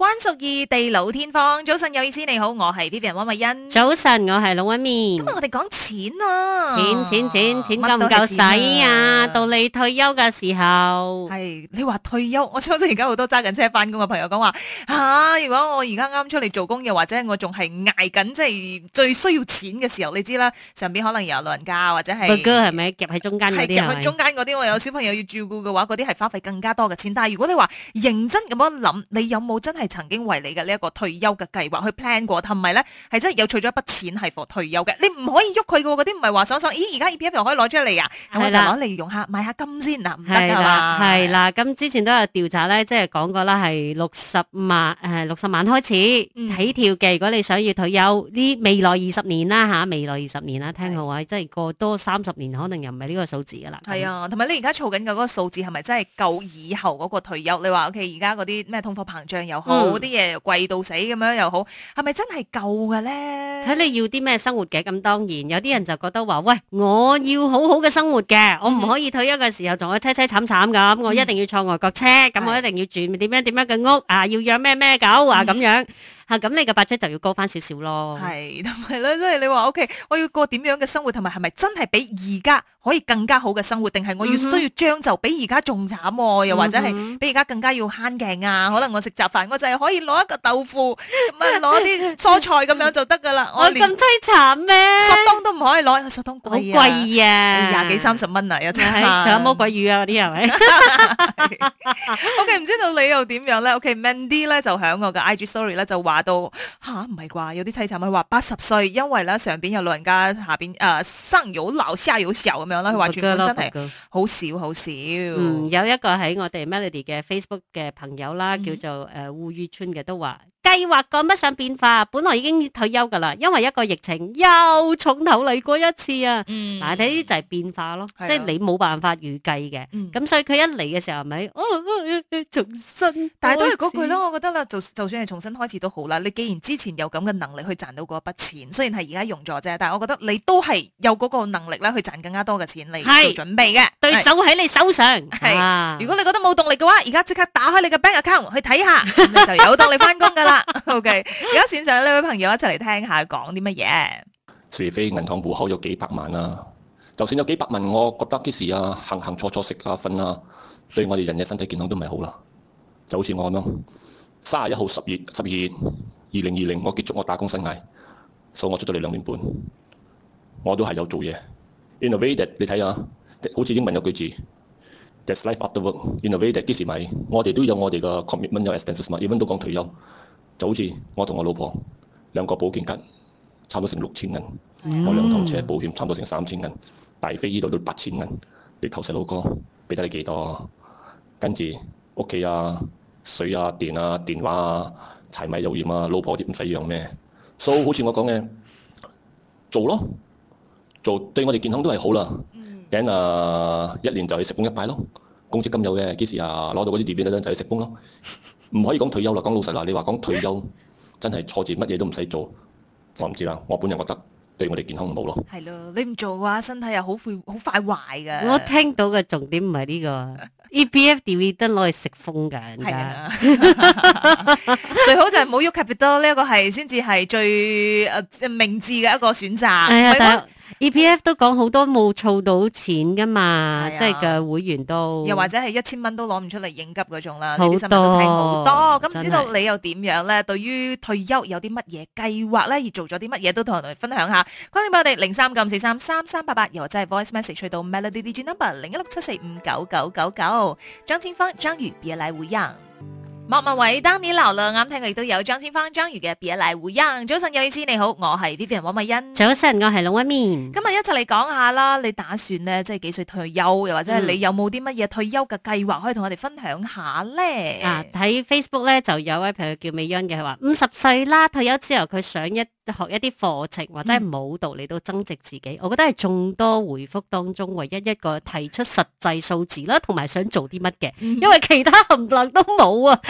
關淑怡、地老天荒，早晨有意思，你好，我係 Vivian 溫慧欣。早晨，我係老溫面。今日我哋講錢啊，錢錢錢錢，錢，都錢、啊、夠唔夠使啊？到你退休嘅時候，係你話退休，我相信而家好多揸緊車翻工嘅朋友講話吓，如果我而家啱出嚟做工，又或者我仲係捱緊，即係最需要錢嘅時候，你知啦，上邊可能有老人家或者係，哥哥係咪夾喺中間嗰啲係夾喺中間嗰啲，我是有小朋友要照顧嘅話，嗰啲係花費更加多嘅錢。但係如果你話認真咁樣諗，你有冇真係？曾經為你嘅呢一個退休嘅計劃去 plan 過，同埋咧係真係有儲咗一筆錢係 for 退休嘅。你唔可以喐佢嘅嗰啲唔係話想想，咦而家 EPF 又可以攞出嚟啊？對啦 我就攞嚟用下，買下金先嗱，唔得噶嘛。係啦，咁之前都有調查咧，即係講過啦，係六十萬誒，六十萬開始、嗯、起跳嘅。如果你想要退休，啲未來二十年啦吓、啊，未來二十年啦，聽好啊，對啦 即係過多三十年，可能又唔係呢個數字噶啦。係啊，同埋你而家儲緊嘅嗰個數字係咪真係夠以後嗰個退休？你話 OK，而家嗰啲咩通貨膨脹又做啲嘢貴到死咁樣又好，係咪真係夠嘅咧？睇你要啲咩生活嘅咁，當然有啲人就覺得話：喂，我要好好嘅生活嘅，嗯、我唔可以退休嘅時候仲會凄凄慘慘咁，我一定要坐外國車，咁我一定要住點樣點樣嘅屋啊，要養咩咩狗啊咁樣。嗯咁、嗯嗯、哼 你嘅 Budget 就要高翻少少咯。係、就是，同埋咧，即係你話 OK，我要過點樣嘅生活，同埋係咪真係比而家可以更加好嘅生活，定係我要需要將就比而家仲慘，又或者係比而家更加要慳鏡啊？可能我食雜飯，我就係可以攞一個豆腐咁 啊，攞啲蔬菜咁樣就得噶啦。我咁凄慘咩？可以攞，手通貴啊！好貴啊，廿、哎、幾，幾三十蚊啊，一隻。仲有魔鬼魚啊，嗰啲係咪？OK，唔知道你又點樣咧？OK，Mandy、okay, 咧就喺我嘅 IG Story 咧就話到吓，唔係啩？有啲猜測佢話八十歲，因為咧上邊有老人家下，下邊誒生有老，生有少咁樣啦。佢話全部真係好少，好少、嗯。有一個喺我哋 Melody 嘅 Facebook 嘅朋友啦，嗯、叫做誒、呃、烏於川嘅都話。計劃趕不上變化，本來已經退休噶啦，因為一個疫情又重頭嚟過一次啊！嗱、嗯，呢啲就係變化咯，的即係你冇辦法預計嘅。咁、嗯、所以佢一嚟嘅時候，係咪、哦哦哦、重新？但係都係嗰句啦，我覺得啦，就就算係重新開始都好啦。你既然之前有咁嘅能力去賺到嗰一筆錢，雖然係而家用咗啫，但係我覺得你都係有嗰個能力啦，去賺更加多嘅錢嚟做準備嘅。是對手喺你手上，係是哇。如果你覺得冇動力嘅話，而家即刻打開你嘅 bank account 去睇下，就有動力翻工噶啦。 O.K. 而家線上呢位朋友一齊嚟聽下講啲乜嘢？除非銀行戶口有幾百萬啦，啊，就算有幾百萬，我覺得幾時啊，行行坐坐食下瞓啊，對我哋人嘅身體健康都唔係好啦。就好似我咁咯，三十一號十月十二月二零二零，2020，我結束我打工生涯，所以我出咗嚟兩年半，我都係有做嘢。Innovated，你睇下，好似英文有句字 That's life after work. Innovated，幾時係咪？我哋都有我哋嘅 commitment，有 essence 嘛。even 都講退休。就好似我同我老婆兩個保險金，差唔多成六千銀；mm. 我兩套車保險差唔多成三千銀。大飛呢度都八千銀。你求細佬哥俾得你幾多？跟住屋企啊、水啊、電啊、電話啊、柴米油鹽啊、老婆啲唔使用咩？所、so, 以好似我講嘅，做咯，做對我哋健康都係好啦。咁啊，一年就去食工一擺咯，公積金有嘅，幾時啊攞到嗰啲地皮等就去食工咯。唔可以講退休啦，講老實啦，你話講退休真係錯字，乜嘢都唔使做，我唔知啦，我本人覺得對我哋健康唔好咯。係咯，你唔做嘅話，身體又好快好快壞㗎。我聽到嘅重點唔係呢個，E P F D V 都攞嚟食風㗎，係呀，最好就係冇喐特別多，呢一個係先至係最誒明智嘅一個選擇。係啊。E.P.F 都講好多冇儲到錢噶嘛，啊、即係嘅會員都，又或者係一千蚊都攞唔出嚟應急嗰種啦。好多，咁是知道你又點樣咧？對於退休有啲乜嘢計劃咧？而做咗啲乜嘢都同我哋分享下。歡迎撥打我哋零三九四三三三八八，88, 又或者係 Voice Message 去到 Melody D.G. Number 零一六七四五九九九九，張千芳張如夜 i p 會員。莫文蔚，d 年流 n y 劉亮啱聽，亦都有張千芳、張宇嘅《別來無恙》。早晨有意思，你好，我係 Vivian 黃美欣。早晨，我係龍威面。今日一齊嚟講下啦，你打算咧即係幾歲退休，又或者係你有冇啲乜嘢退休嘅計劃，可以同我哋分享下咧？嗯、啊，喺 Facebook 咧就有位朋友叫美恩嘅，佢話、嗯、五十歲啦退休之後，佢想一。學一啲課程或者係舞蹈嚟到增值自己。嗯、我覺得係眾多回覆當中唯一一個提出實際數字啦，同埋想做啲乜嘅，嗯、因為其他冚唪唥都冇啊，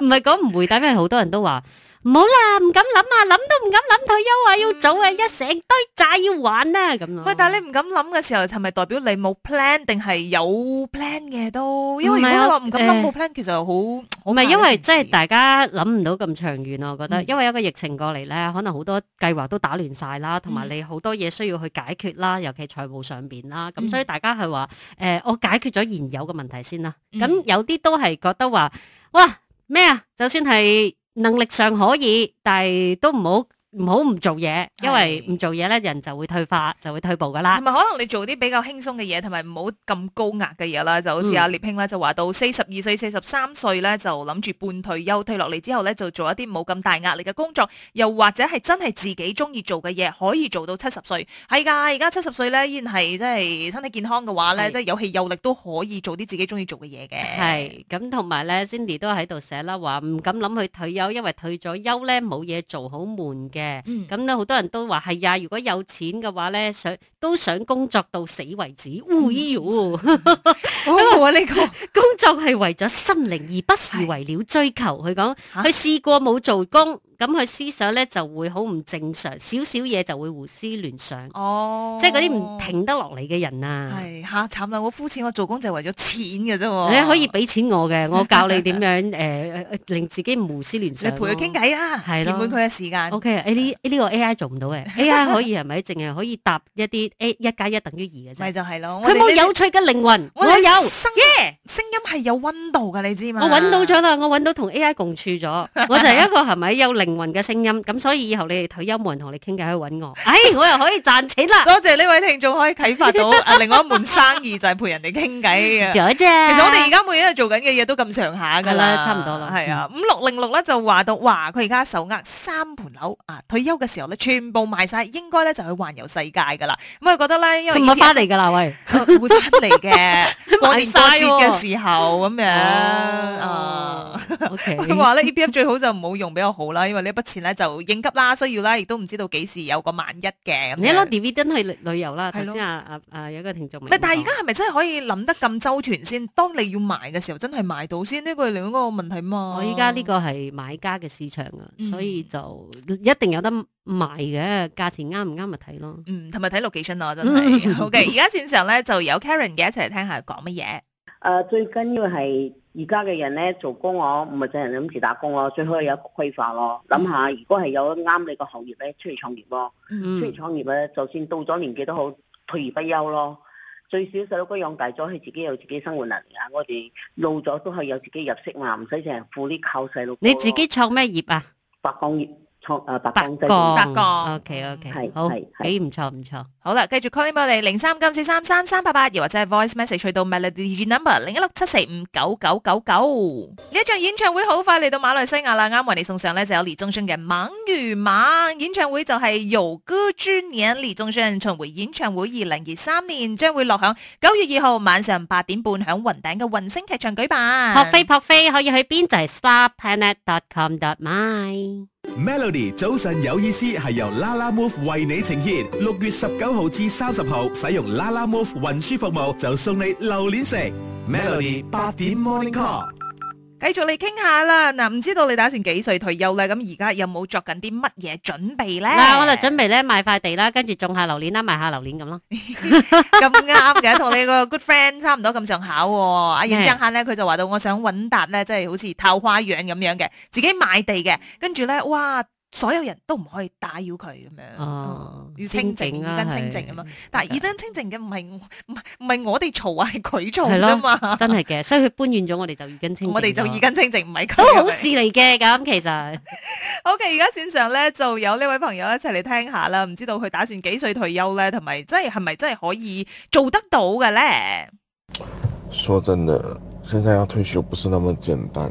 唔係講唔回答，因為好多人都話。唔好啦，唔敢諗啊，諗都唔敢諗退休啊，要早啊，一成堆債要還啦咁咯。樣喂，但係你唔敢諗嘅時候，係、就、咪、是、代表你冇 plan 定係有 plan 嘅都？因為如果你話唔敢諗冇 plan，其實好唔係，因為即係大家諗唔到咁長遠咯。我覺得，嗯、因為一個疫情過嚟咧，可能好多計劃都打亂晒啦，同埋你好多嘢需要去解決啦，尤其財務上邊啦。咁、啊嗯嗯、所以大家係話，誒、呃，我解決咗現有嘅問題先啦。咁、啊、有啲都係覺得話，哇，咩啊？就算係。能力上可以，但係都唔好。唔好唔做嘢，因為唔做嘢咧，人就會退化，就會退步噶啦。同埋可能你做啲比較輕鬆嘅嘢，同埋唔好咁高壓嘅嘢啦。就好似阿聶兄咧，就話到四十二歲、四十三歲咧，就諗住半退休，退落嚟之後咧，就做一啲冇咁大壓力嘅工作，又或者係真係自己中意做嘅嘢，可以做到七十歲係噶。而家七十歲咧，依然係即係身體健康嘅話咧，即係的有氣有力都可以做啲自己中意做嘅嘢嘅。係咁，同埋咧，Cindy 都喺度寫啦，話唔敢諗去退休，因為退咗休咧冇嘢做，好悶嘅。咁咧，好、嗯、多人都話係啊，如果有錢嘅話咧，想都想工作到死為止。嗚咦我話你工作係為咗心靈，而不是為了追求。佢講佢試過冇做工。咁佢思想咧就會好唔正常，少少嘢就會胡思亂想。哦，即係嗰啲唔停得落嚟嘅人啊。係吓，慘啊，我膚淺，我做工就係為咗錢嘅啫。你可以俾錢我嘅，我教你點樣誒令自己唔胡思亂想。你陪佢傾偈啦，填滿佢嘅時間。O K，呢呢個 A I 做唔到嘅，A I 可以係咪？淨係可以答一啲一加一等於二嘅啫。係就係咯，佢冇有趣嘅靈魂，我有聲聲音係有溫度嘅，你知嘛？我揾到咗啦，我揾到同 A I 共處咗，我就係一個係咪有靈嘅聲音，咁所以以後你哋退休冇人同你傾偈，去搵我，哎我又可以賺錢啦！多謝呢位聽眾可以啟發到、 啊，另外一門生意就係陪人哋傾偈嘅。啫， 其實我哋而家每日做緊嘅嘢都咁上下噶啦，差唔多啦，係啊。五六零六咧就話到，哇！佢而家手握三盤樓啊，退休嘅時候咧全部賣晒，應該咧就去環遊世界噶啦。咁佢覺得咧，因為同埋翻嚟噶啦，喂， 會翻嚟嘅， 過年過節嘅時候咁樣。佢話咧，E P F 最好就唔好用比較好啦。因為呢一筆錢咧就應急啦，需要啦，亦都唔知道幾時有個萬一嘅。你攞 dividend 去旅遊啦？頭先阿阿阿有個聽眾唔係，但係而家係咪真係可以諗得咁周全先？當你要賣嘅時候，真係賣到先呢個係另一個問題嘛。我依家呢個係買家嘅市場啊，嗯、所以就一定有得賣嘅，價錢啱唔啱咪睇咯。嗯，同埋睇 location 咯，真係。好嘅，而家綫上咧就有 Karen 嘅一齊嚟聽下講乜嘢。誒 ，uh, 最緊要係。而家嘅人咧，做工我唔係淨係諗住打工咯、啊，最好有一個規劃咯。諗下，如果係有啱你個行業咧，出嚟創業咯、啊，嗯、出嚟創業咧、啊，就算到咗年紀都好，退而不休咯。最少細佬哥養大咗，係自己有自己生活能力、啊，我哋老咗都係有自己入息嘛，唔使淨係負啲靠細路哥。你自己創咩業啊？白工業。錯誒，八個八個。O K O K，係係幾唔錯唔錯。是好啦，繼續 call 我哋零三金四三三三八八，又或者係 voice message 去到 melody number 零一六七四五九九九九。呢一場演唱會好快嚟到馬來西亞啦，啱啱為你送上咧就有李宗盛嘅猛如猛演唱會，就係有歌之年李宗盛巡回演唱會二零二三年將會落響九月二號晚上八點半響雲頂嘅雲星劇場舉辦。撲飛撲飛，可以喺邊就係、是、StarPlanet.com.my。Melody 早晨有意思，係由啦啦 Move 為你呈現。六月十九號至三十號使用啦啦 Move 運輸服務，就送你榴蓮食。Melody 八點 morning call。繼續嚟傾下啦，嗱，唔知道你打算幾歲退休咧？咁而家有冇作緊啲乜嘢準備咧？嗱、嗯，我就準備咧買塊地啦，跟住種下榴蓮啦，賣下榴蓮咁咯。咁啱嘅，同 你個 good friend 差唔多咁上口。阿英張下咧，佢的、啊、就話到我想搵笪咧，即係好似桃花源咁樣嘅，自己買地嘅，跟住咧，哇！所有人都唔可以打擾佢咁樣，哦、要清靜，清靜啊，耳根清靜啊嘛。是但耳根清靜嘅唔係唔係唔係我哋嘈啊，係佢嘈啫嘛。真係嘅，所以佢搬完咗，我哋就耳根清。 我哋就耳根清靜，唔係咁。都好事嚟嘅，咁，其實。O K，而家線上咧就有呢位朋友一齊嚟聽下啦，唔知道佢打算幾歲退休咧，同埋即係係咪真係可以做得到嘅咧？說真嘅，現在要退休不是那麼簡單。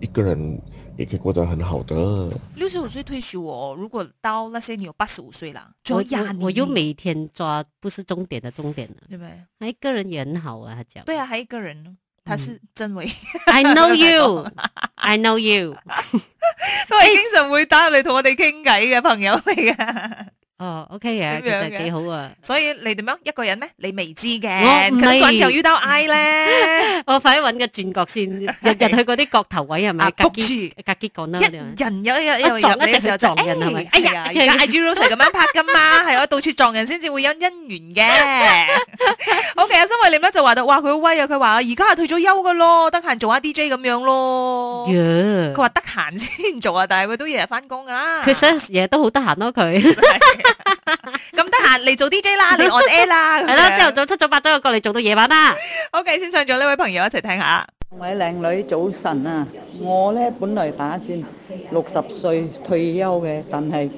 一個人也可以過得很好的。六十五歲退休，哦，如果到那些年有八十五歲啦，我又我又每天抓，不是重點的重點啦，對唔對？一個人也很好啊，他講。對啊，還一個人，他是真維。嗯、 I know you, I know you， 都係經常會打入嚟同我哋傾偈嘅朋友嚟噶。 哦，OK 嘅，其實幾好啊。所以你點樣一個人咧？你未知嘅，咁我就遇到 I 咧。我快啲揾個轉角先，日日去嗰啲角頭位係咪？夾住，夾結講啦。一，人有一，又撞一，又撞人係咪？哎呀，阿朱羅 Sir 咁樣拍噶嘛，係啊，到處撞人先至會有姻緣嘅。好嘅，阿新偉你咧就話到，哇，佢好威啊！佢話啊，而家係退咗休噶咯，得閒做下 DJ 咁樣咯。佢話得閒先做啊，但係佢都日日翻工啊。佢有時嘢都好得閒咯，佢。咁得閒嚟做 DJ 啦，嚟我 A 啦，係啦，朝頭早七早八早就過嚟做到夜晚啦。OK，先上咗呢位朋友一齊聽下，位靚女早晨啊！我呢本來打算六十歲退休嘅，但係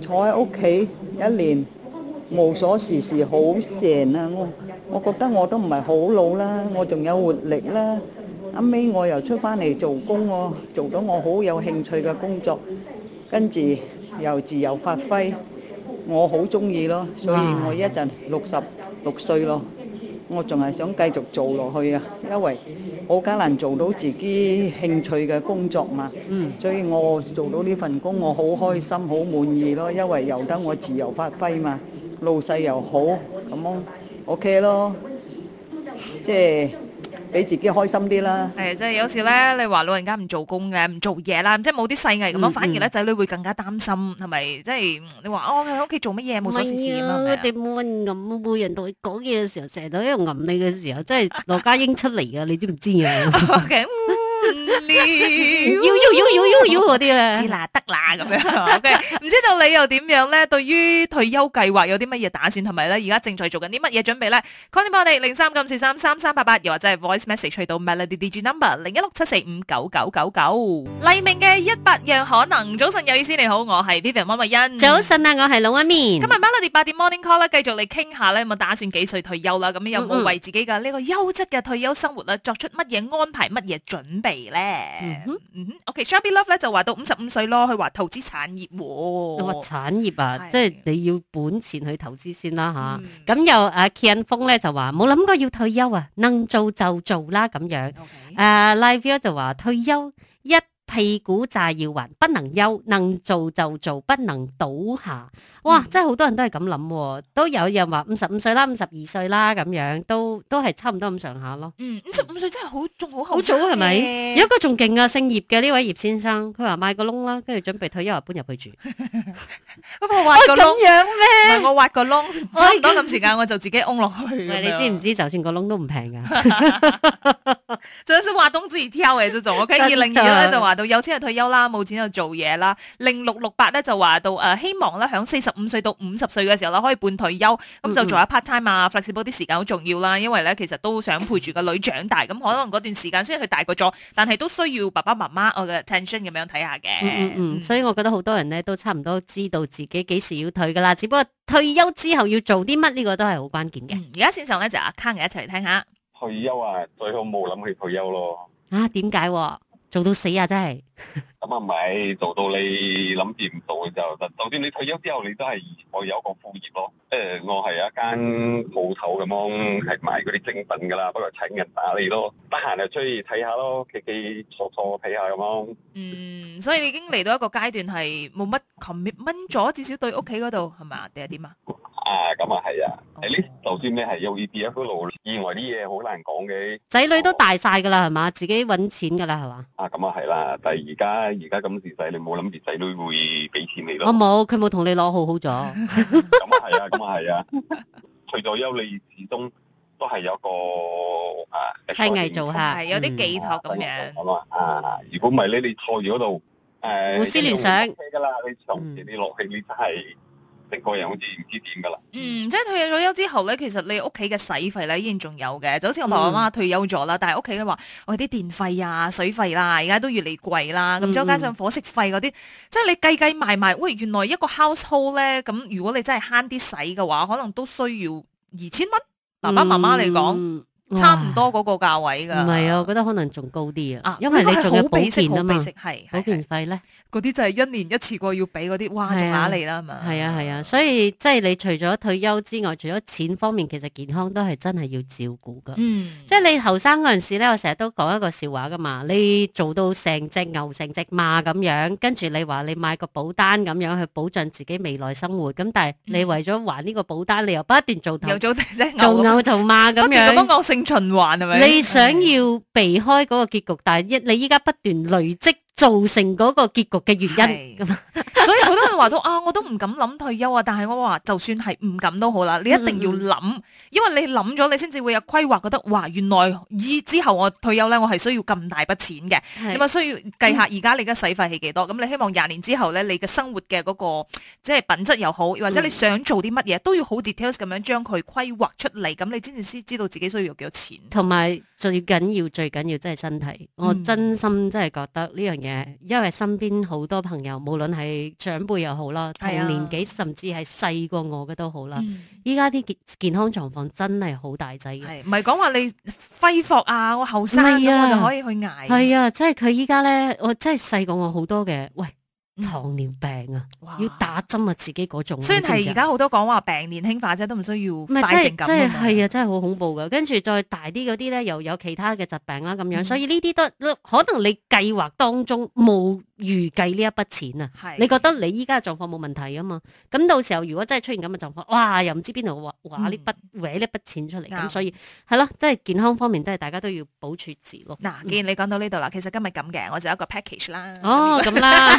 坐喺屋企一年無所事事，好閒啊！我我覺得我都唔係好老啦，我仲有活力啦。後尾我又出翻嚟做工喎，做咗我好有興趣嘅工作，跟住又自由發揮。我好中意咯，所以我一陣六十六歲咯，我仲係想繼續做落去啊，因為我梗係能做到自己興趣嘅工作嘛。嗯，所以我做到呢份工，我好開心，好滿意咯，因為由得我自由發揮嘛，老細又好，咁樣 OK 咯，即係。俾自己開心啲啦，係 嗯嗯、即係有時咧，你話老人家唔做工嘅，唔做嘢啦，即係冇啲細藝咁樣，嗯嗯、反而咧仔女會更加擔心，係咪？即係你話哦，喺屋企做乜嘢？冇所事事，佢哋冇揞，每人都講嘢嘅時候，成日都喺度吟你嘅時候，即係羅家英出嚟啊，你知唔知啊？要要要要要嗰啲咧，知啦得啦咁樣，唔、okay. 唔知道你又點樣咧？對於退休計劃有啲乜嘢打算同埋咧？而家正在做緊啲乜嘢準備咧？Call 你俾我哋零三九四三三三八八，又或者係 voice message 去到 Melody D G number 零一六七四五九九九九。黎明嘅一百樣可能，早晨有意思你好，我係 Vivian 溫慧欣。早晨啊，我係老一咪。今日 Melody 八點 morning call 啦，繼續嚟傾下咧，有冇打算幾歲退休啦？咁有冇為自己嘅呢、嗯嗯、個優質嘅退休生活啊，作出乜嘢安排、乜嘢準備咧？誒，嗯嗯，OK，Shabby Love 咧就話到五十五歲咯，佢話投資產業、哦，咁話產業啊，是即係你要本錢去投資先啦吓，咁、嗯、又阿、啊、Ken Fong 咧就話冇諗過要退休啊，能做就做啦咁樣，誒 Okay.、uh，Livia 就話退休。屁股債要還，不能休，能做就做，不能倒下。哇，真係好多人都係咁諗，都有人話五十五歲啦，五十二歲啦，咁樣都都係差唔多咁上下咯。五十五歲真係好，仲好好早係咪？有一個仲勁啊，姓葉嘅呢位葉先生，佢話買個窿啦，跟住準備退休搬入去住。 我挖個窿咩？我挖個窿，差唔多咁時間我就自己㧬落去。 你知唔知？就算個窿都唔平噶。 啊、就先話東子挑嘅啫，仲 OK，二零二咧就話、是、到有錢就退休啦，冇錢就做嘢啦。零六六八咧就話到誒，希望咧響四十五歲到五十歲嘅時候啦，可以半退休，咁、嗯嗯、就做下 part time 啊，flexible 啲時間好重要啦。因為咧，其實都想陪住個女長大，咁 可能嗰段時間雖然佢大個咗，但係都需要爸爸媽媽我嘅 attention 咁樣睇下嘅、嗯嗯嗯。所以我覺得好多人咧都差唔多知道自己幾時要退噶啦，只不過退休之後要做啲乜呢個都係好關鍵嘅。而家線上咧就阿 carney、啊、一齊嚟聽下。退休啊，最好冇諗去退休咯。啊，點解？做到死啊！真係咁啊，唔係做到你諗掂唔到嘅，就，就算你退休之後，你都係我有一個副業咯。誒，我係一間鋪頭咁樣，係賣嗰啲精品噶啦，不過請人打理咯。得閒就出去睇下,咯，企企坐坐睇下咁樣。嗯，所以你已經嚟到一個階段係冇乜 commitment 咗，至少對屋企嗰度係嘛定係點啊？啊，咁啊係啊，你就算你係有二 B 一路，意外啲嘢好難講嘅。仔女都大晒噶啦，係嘛？自己搵錢噶啦，係嘛？咁啊係啦，但係而家而家咁時勢，你冇諗住仔女會俾錢你咯。我冇，佢冇同你攞好好咗。咁啊係啊，咁啊係啊，退咗休你始終都係有個啊。世藝做下，係有啲寄託咁樣。咁啊，啊，如果唔係你你坐住嗰度誒，胡思亂想。冇啦，你從前你落興你，你真係。個人好似唔知點噶啦，嗯，即係退咗休之後咧其實你屋企嘅使費咧已經仲有嘅。就好似我爸爸媽媽退休咗啦，嗯、但係屋企咧話，我哋啲電費啊、水費啦、啊，而家都越嚟貴啦，咁再加上伙食費嗰啲，即係你計計埋埋，喂，原來一個 household 咧咁如果你真係慳啲使嘅話，可能都需要二千蚊。爸爸媽媽嚟講。嗯差唔多嗰個價位噶，唔係啊，我覺得可能仲高啲啊，因為你仲有保險啊嘛，係，保險費咧，嗰啲就係一年一次過要俾嗰啲，哇、啊，仲喇嚟啦，係嘛，係啊係啊，所以即係你除咗退休之外，除咗錢方面，其實健康都係真係要照顧噶，嗯、即係你後生嗰陣時咧，我成日都講一個笑話噶嘛，你做到成隻牛成隻馬咁樣，跟住你話你買個保單咁樣去保障自己未來生活，咁但係你為咗還呢個保單，你又不斷做又做隻牛做牛做馬咁樣，循環係咪？你想要避開嗰個結局，但係一你依家不斷累積。造成嗰個結局嘅原因，是 所以好多人話到啊，我都唔敢諗退休啊。但係我話就算係唔敢都好啦，你一定要諗，嗯、因為你諗咗你先至會有規劃，覺得哇，原來以之後我退休咧，我係需要咁大筆錢嘅。咁啊是需要計下而家，嗯、你而家使費係幾多？咁你希望廿年之後咧，你嘅生活嘅嗰個即係品質又好，或者你想做啲乜嘢，嗯、都要好 details 咁樣將佢規劃出嚟。咁你先至先知道自己需要有幾多錢，同埋最緊要最緊要即係身體，我真心，嗯、我真係覺得呢樣嘢。因為身邊好多朋友，無論係長輩又好啦，同年紀是、啊、甚至係細過我嘅都好啦。依家啲健健康狀況真係好大仔嘅，唔係講話你揮霍啊，我後生是、啊、我就可以去捱、啊。係啊，即係佢依家咧，我真係細過我好多嘅，喂。糖尿病啊，要打針啊，自己嗰種，以然係而家好多講話病年輕化啫，都唔需要快成咁啊，係啊，真係好恐怖噶。跟住再大啲嗰啲咧，又有其他嘅疾病啦咁樣，嗯、所以呢啲都可能你計劃當中冇預計呢一筆錢啊。是你覺得你依家嘅狀況冇問題啊嘛？咁到時候如果真係出現咁嘅狀況，哇！又唔知邊度畫畫呢筆呢筆錢出嚟咁，嗯、所以係咯，真係對健康方面都係大家都要保全自咯。嗱、嗯啊，既然你講到呢度啦，其實今日咁嘅，我就有一個 package 啦。哦，咁啦。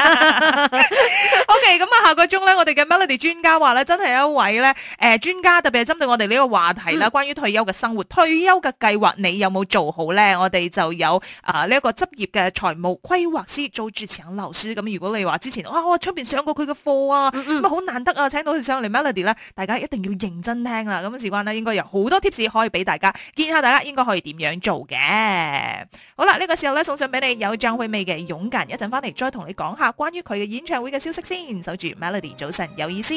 O K，咁啊， okay，下個鐘咧，我哋嘅 Melody 專家話咧，真係一位咧，誒、呃，專家特別係針對我哋呢個話題啦，嗯、關於退休嘅生活，退休嘅計劃，你有冇做好咧？我哋就有啊呢一個執業嘅財務規劃師，做住錢老師。咁如果你話之前，哇、哦，我出面上過佢嘅課啊，咁、嗯嗯、好難得啊，請到佢上嚟 Melody 咧，大家一定要認真聽啦。咁事關咧，應該有好多 tips 可以俾大家，見下大家應該可以點樣做嘅。好啦，呢、這個時候咧，送上俾你有張惠妹嘅《勇敢》，一陣返嚟再同你講下。關於佢嘅演唱會嘅消息先，守住 Melody 早晨有意思。